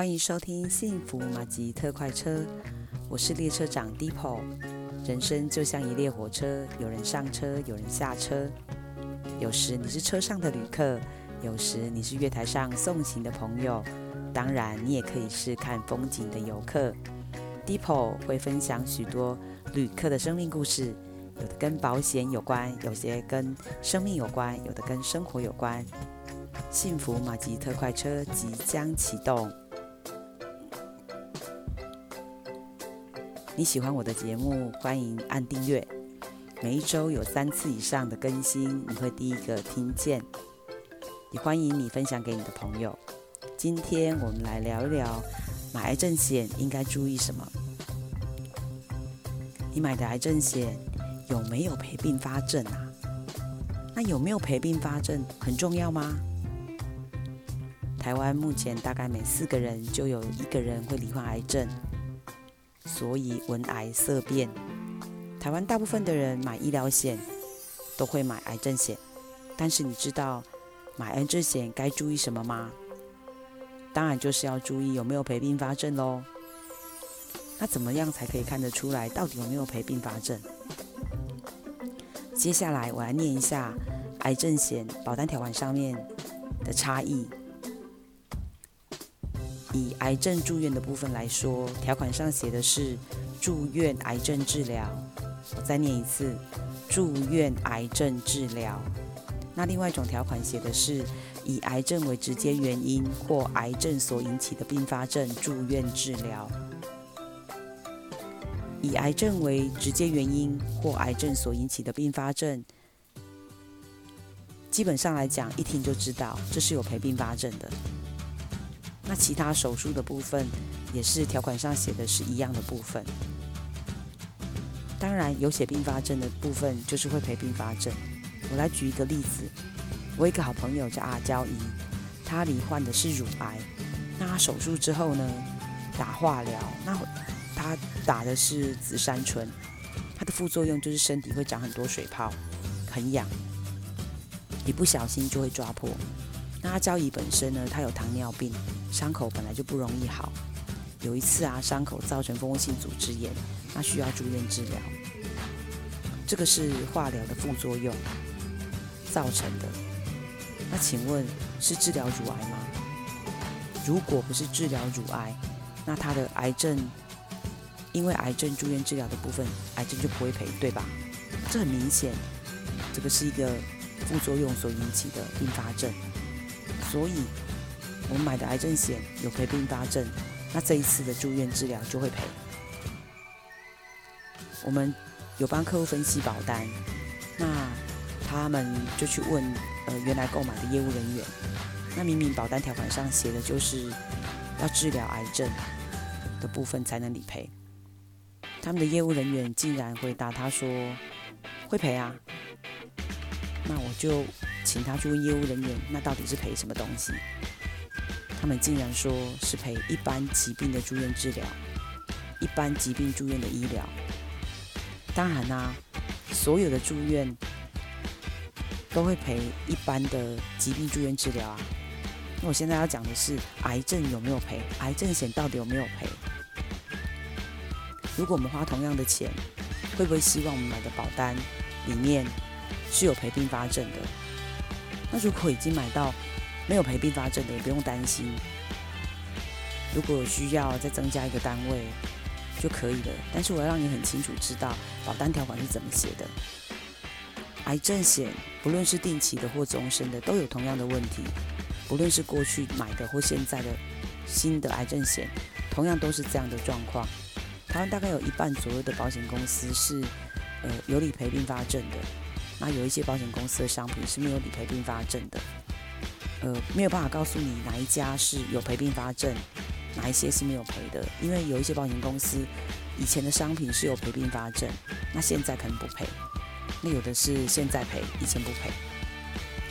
歡迎收聽《幸福馬吉特快車》，我是列車長 Deepo。人生就像一列火車，有人上車，有人下車。有時你是車上的旅客，有時你是月台上送行的朋友，當然你也可以是看風景的遊客。Deepo 會分享許多旅客的生命故事，有的跟保險有關，有些跟生命有關，有的跟生活有關。幸福馬吉特快車即將啟動。你喜歡我的節目，歡迎按訂閱。每一周有三次以上的更新，你會第一個聽見。也歡迎你分享給你的朋友。今天我們來聊一聊買癌症險應該注意什麼。你買的癌症險有沒有賠併發症啊？那有沒有賠併發症很重要嗎？台灣目前大概每四個人就有一個人會罹患癌症。所以聞癌色變，台灣大部分的人買醫療險都會買癌症險，但是你知道買癌症險該注意什麼嗎？當然就是要注意有沒有賠併發症嘍。那怎麼樣才可以看得出來到底有沒有賠併發症？接下來我來念一下癌症險保單條款上面的差異。以癌症住院的部分來說，條款上寫的是住院癌症治療。我再念一次，住院癌症治療。那另外一種條款寫的是以癌症為直接原因或癌症所引起的并發症住院治療。以癌症為直接原因或癌症所引起的并發症，基本上來講，一聽就知道這是有賠併發症的。那其他手術的部分，也是條款上寫的是一樣的部分。當然有寫併發症的部分，就是會賠併發症。我來舉一個例子，我一個好朋友叫阿嬌姨，她罹患的是乳癌。那手術之後呢，打化療，那會她打的是紫杉醇，它的副作用就是身體會長很多水泡，很癢，一不小心就會抓破。那阿膠乙本身呢，它有糖尿病，傷口本來就不容易好。有一次啊，傷口造成蜂窩性組織炎，那需要住院治療。這個是化療的副作用造成的。那請問是治療乳癌嗎？如果不是治療乳癌，那他的癌症，因為癌症住院治療的部分，癌症就不會賠，對吧？這很明顯，這個是一個副作用所引起的併發症。所以，我們買的癌症險有賠併發症，那這一次的住院治療就會賠。我們有幫客戶分析保單，那他們就去問呃原來購買的業務人員，那明明保單條款上寫的就是要治療癌症的部分才能理賠。他們的業務人員竟然回答他說會賠啊，那我就。請他去問業務人員，那到底是賠什麼東西？他們竟然說是賠一般疾病的住院治療，一般疾病住院的醫療。當然啦、啊，所有的住院都會賠一般的疾病住院治療啊。那我現在要講的是，癌症有沒有賠？癌症險到底有沒有賠？如果我們花同樣的錢，會不會希望我們買的保單裡面是有賠併發症的？那如果已經買到沒有賠併發症的，也不用擔心。如果有需要，再增加一個單位就可以了。但是我要讓你很清楚知道保單條款是怎麼寫的。癌症險不論是定期的或終身的，都有同樣的問題。不論是過去買的或現在的新的癌症險，同樣都是這樣的狀況。台灣大概有一半左右的保險公司是呃有理賠併發症的。那有一些保險公司的商品是沒有理賠併發症的，呃，沒有辦法告訴你哪一家是有賠併發症，哪一些是沒有賠的，因為有一些保險公司以前的商品是有賠併發症，那現在可能不賠，那有的是現在賠，以前不賠，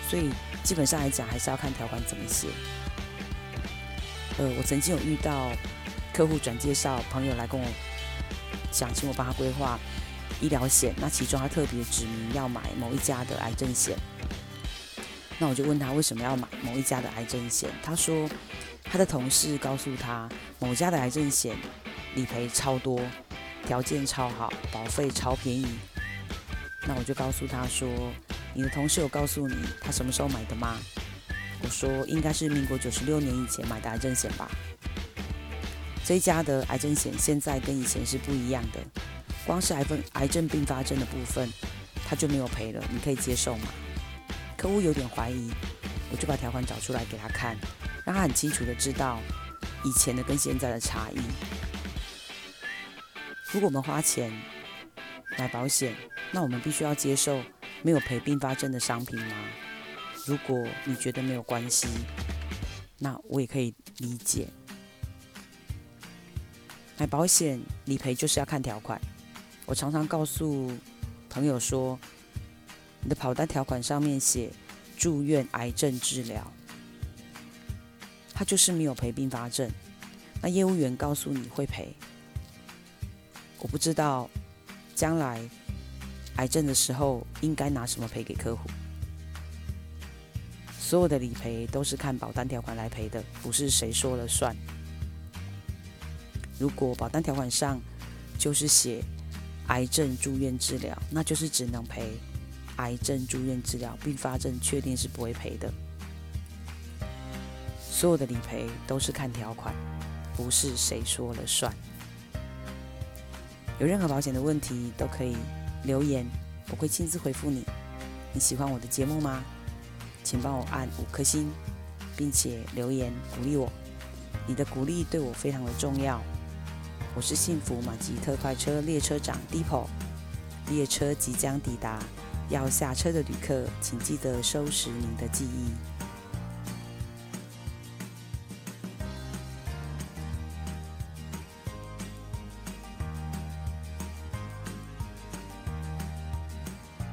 所以基本上來講還是要看條款怎麼寫。呃，我曾經有遇到客戶轉介紹朋友來跟我講，想請我幫他規劃。醫療險，那其中他特別指明要買某一家的癌症險。那我就問他為什麼要買某一家的癌症險？他說他的同事告訴他某家的癌症險理賠超多，條件超好，保費超便宜。那我就告訴他說，你的同事有告訴你他什麼時候買的嗎？我說應該是民國九十六年以前買的癌症險吧。這一家的癌症險現在跟以前是不一樣的。光是癌症、癌症併發症的部分，他就沒有賠了。你可以接受嗎？客戶有點懷疑，我就把條款找出來給他看，讓他很清楚的知道以前的跟現在的差異。如果我們花錢買保險，那我們必須要接受沒有賠併發症的商品嗎？如果你覺得沒有關係，那我也可以理解。買保險理賠就是要看條款。我常常告訴朋友說：“你的保單條款上面寫住院癌症治療，他就是沒有賠併發症。那業務員告訴你會賠，我不知道將來癌症的時候應該拿什麼賠給客戶。所有的理賠都是看保單條款來賠的，不是誰說了算。如果保單條款上就是寫。”癌症住院治療，那就是只能賠癌症住院治療，併發症確定是不會賠的。所有的理賠都是看條款，不是誰說了算。有任何保險的問題都可以留言，我會親自回覆你。你喜歡我的節目嗎？請幫我按五顆星，並且留言鼓勵我。你的鼓勵對我非常的重要。我是幸福馬吉特快車列車長 Dipo，列車即將抵達，要下車的旅客，請記得收拾您的記憶。